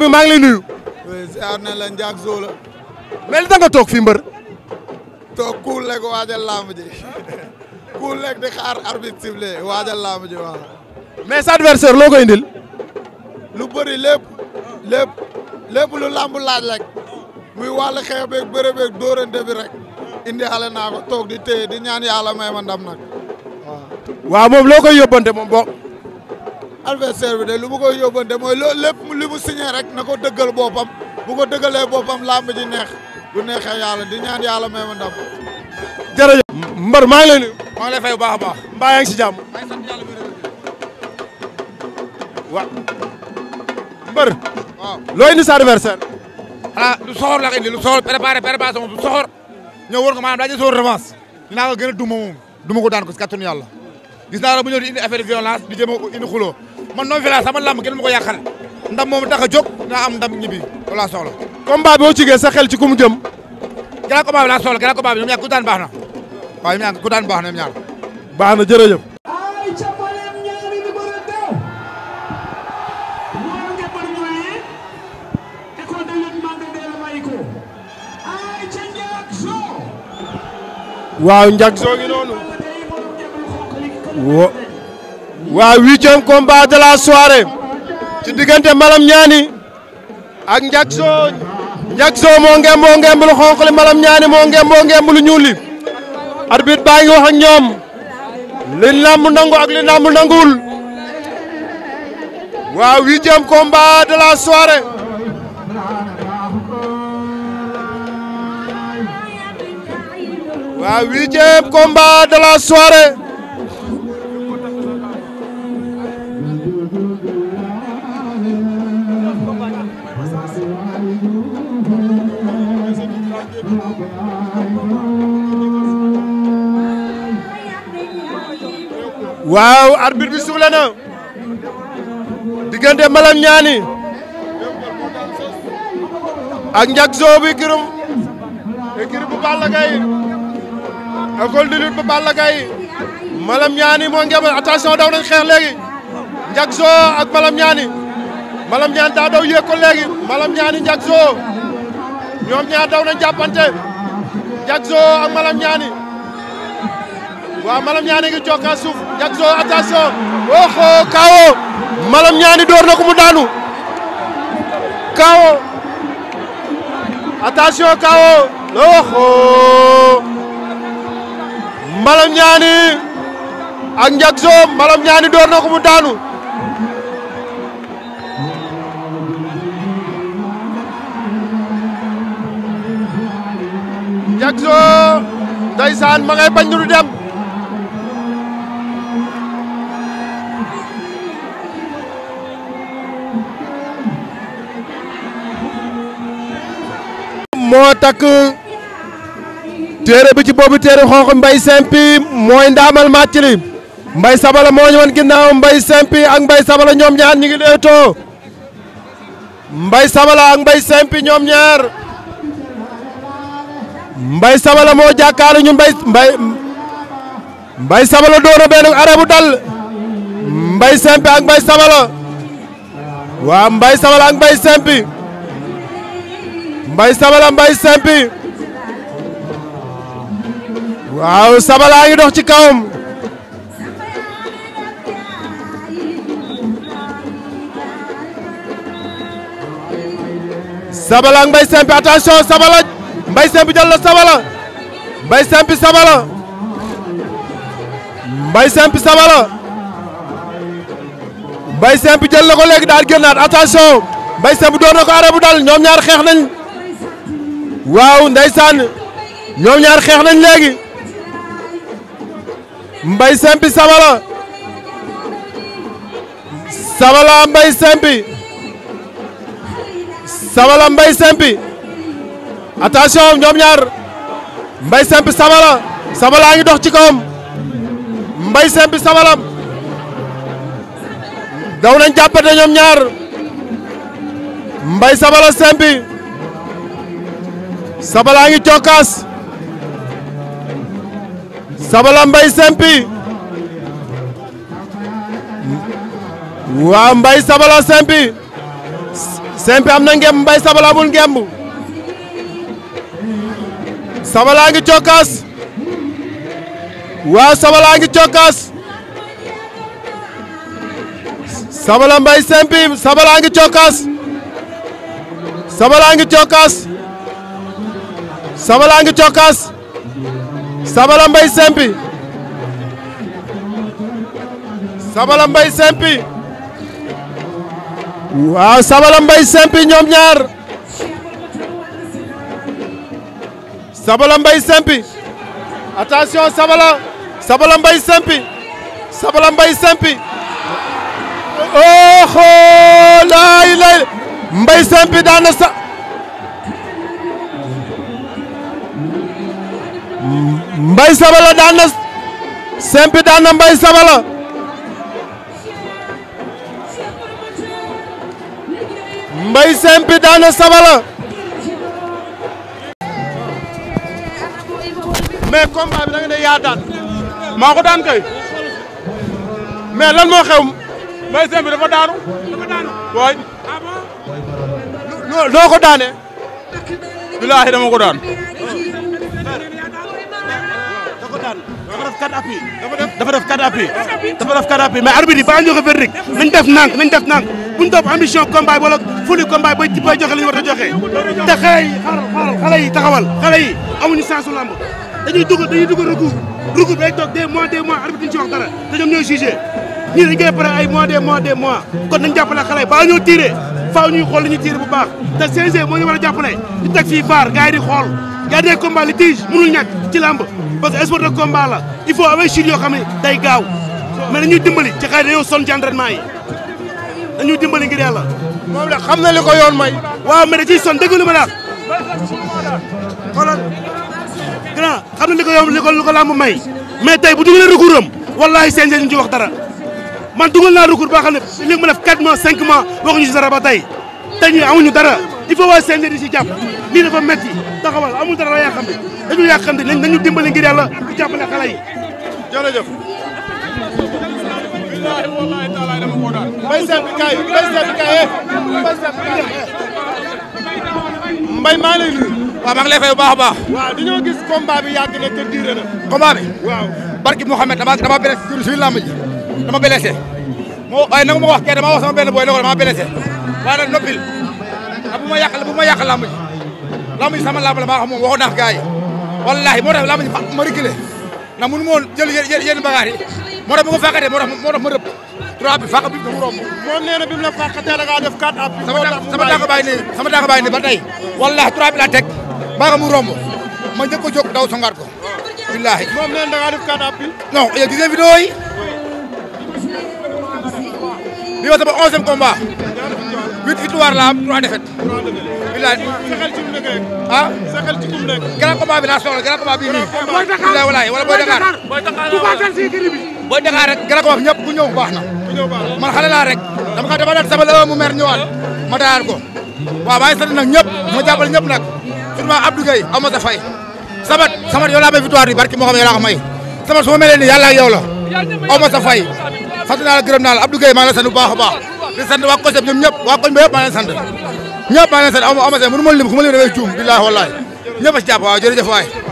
bi maa ngi lay nuyu. ziar na la Ndiak Zo la. mais li toog fii toog kuul rek waajal làmb kuul rek di xaar arbitre sifflé waajal làmb ji waaw. mais sa indil. lu bëri lépp. lépp lu làmb laaj rek. muy wàllu xeex beeg bëre beeg dóorante bi rek. indi xale naa ko toog di téye di ñaan yàlla may ndam nag waaw. waaw moom loo koy yóbbante moom adversaire bi de lu mu koy yóbbante mooy loolu lépp li mu signé rek na ko dëggal boppam bu ko dëggalee boppam làmb ji lu nek neexee yàlla di ñaan yàlla may ma ndam. jërëjëf. Mbar maa ngi lay nuyu. maa ngi lay fay bu baax baax. mbaa yaa ngi si jàmm. maa Mbar. waaw loo indi sa adversaire. Ah, lu soxor la ko indi lu soxor préparé préparation bu soxor. ñëw war ko maanaam daa jël soxor revanche. dinaa ko gën a duma moom duma ko daan ko si kattanu yàlla. gis naa la ñëw di indi affaire violence di jëm indi xuloo man non violence sama lamb kenn ma ko yàqal ndam moom tax a jóg naa am ndam ñibbi wala soxla combat bi boo cigee sa xel ci ku mu jëm grand combat bi laa soxla grand combat bi ñoom ñaar ku daan baax na waaw ñoom ñaar ku daan baax na ñoom ñaar baax na jërëjëf waaw njag soo noonu waa huitième combat de la soirée ci diggante Malam Ñaani ak Ndiakso Ndiakso moo ngem boo ngemb lu xonq Malam Ñaani moo ngem boo ngemb lu ñuul li arbitre baa ngi wax ñoom li nangu ak li làmb waa huitième combat de la soirée waaw arbitre bi suble na Malam Ñaani ak Ndiak Sow bi kirum kiri bu Balla Gaye école de lutte bu Balla Gaye Malam Ñaani moo ngemal attention daw nañ xeex léegi Ndiak Sow ak Malam Ñaani Malam Ñaani daa daw yéeg ko léegi Malam Ñaani Ndiak Sow ñoom ñaar daw nañ jàppante Ndiak ak Malam Ñaani waaw Malam Niani ngi jokka suuf Jackson attention oxo kawo Malam Niani door na mu daanu kawo attention kawo oxo Malam Niani ak Jackson Malam Niani door na mu daanu Jackson ndeysaan ma ngay bañ lu dem moo takk téere bi ci boobu téere xoox mbay simpi mooy ndaamal màcc mbay sabala moo ñu wan ginnaaw mbay simpi ak mbay sabala ñoom ñaar ñu ngi leetoo mbay sabala ak mbay simpi ñoom ñaar mbay sabala moo jàkkaalu ñu mbay mbay mbay sabala doona benn arabu dal mbay simpi ak mbay sabala waa mbay sabala ak mbay simpi Mbay Sabala Mbay Sempi waaw Sabala a ngi dox ci kawam Sabala ak Mbay Sempi attention Sabala Mbay Sempi jël na Sabala Mbay Sempi Sabala Mbay Sempi Sabala Mbay Sempi jël na ko léegi daal génnaat attention Mbay Sempi door na ko arabu dal ñoom ñaar xeex nañ waaw ndeysaan ñoom ñaar xeex nañ léegi mbay sempi sabala sabala mbay sempi sabala mbay sempi attention ñoom ñaar mbay sempi sabala sabala a ngi dox ci kawam mbay sempi sabala daw nañ jàppante ñoom ñaar mbay sabala sempi Sabala ngi cokkaas Sabala mbay sempi waa mbay Sabala sempi sempi am na ngemb mbay Sabala amul ngemb Sabala ngi cokkaas waa Sabala ngi cokkaas Sabala mbay sempi Sabala ngi Sabala ngi cokkaas Sabala mbay sempi Sabala mbay sempi waaw Sabala mbay sempi ñoom ñaar Sabala mbay sempi attention Sabala Sabala mbay sempi Sabala mbay sempi oh oh laay laay mbay sempi daan na sa. Mbaye Sabala daan na simpi daan Sabala Mbaye simpi daan Sabala mais combat bi da nga yaa daan maa ko daan kay mais lan dafa daanu dafa daanu waay ah ko daane bilaahi dama ko daan def quatre appuis. dafa def quatre appuis dafa def quatre appuis mais arbitre nañ def nànk nañ def nànk bu ñu topp ambition combat wala fulu combat bay bay joxe li war a joxe. te xale yi xaaral xaaral xale taxawal xale yi amuñu chance su lamb dañuy dugg dañuy dugg recours recours bi day toog des mois des mois arbitre duñ ci wax ay mois des mois des mois kon nañ jàppale xale yi ba ñoo tiré xool li ñu bu baax te CNG moo ñu war a jàppale ñu teg fii baar xool parce que sport de combat la il faut avec chute yoo xam ne day gaaw mais dañuy dimbali ci xëy dañoo sonn ci entraînement yi dañuy dimbali ngir yàlla. moom la xam na li ko yoon may. waaw mais da ciy sonn dégg lu ma daal xoolal grand xam na li ko yoon li ko may mais tey bu dugalee recours am wallaahi CNG ñu ci wax dara man dugal naa recours boo xam ne ma mu def 4 mois 5 mois waxuñu si dara ba tey tey ñun il faut waa CNG di si jàpp lii dafa metti taxawal amul dara la yàqamte dañu nañu dimbali ngir yàlla di jàppale xale yi jërëjëf billahi wallahi taala dama mbay seet kaay eh. eh. mbay maa ngi lay baax a baax waaw dañoo gis combat bi yàgg na te diire na barki Mouhamed dama dama blessé sur suñu làmb ji dama moo waaye nangu ma ko wax kee dama wax sama benn booy ne ko dama blessé waaye nag ndax ah, bu ma yàq bu ma yàq làmb ji làmb ji sama làmb la maa xam moom waxoon naa gars yi wallaahi moo tax làmb ji ma reculé ndax mënu ma woon jël yenn bagaar yi moo tax bu ko fàqatee moo tax moo tax ma rëpp trois bi fàq romb moom nee bi mu la fàqatee da ngaa def quatre appuis sama dànk bàyyi ne sama dànk bàyyi ne ba tey wallaahi trois bi laa mu romb ma njëkk ko daw sangaat ko billaahi moom nee na da ngaa bi wa sama onzième combat huit victoire la am trois défaites. bilaay sa ah. xel ci sa xel mu nekk. grand combat bi laa nii. booy Dakar booy Dakar. booy Dakar bu booy Dakar rek grand combat bi ñëpp ku ñëw bu baax na. ku rek. dama xam dafa daan la mu mer ma dayaat ko. waaw maa ngi sant nag ñëpp ma jàppale ñëpp nag surtout Abdou Gueye aw ma Samat Samat yow bi barki moo xam ne yow laa ko may Samat su ma melee nii yàlla ak sa fay sant naa la gërëm naa la Abdou maa la sant bu a di sant waa koñ ñoom ñëpp waa koñ ba yëpp maa leen sant ñëpp maa leen sant aw ma aw ma seen mënu ma lim ku ma lim damay juum billaahi wallaahi ñëpp a ci jàpp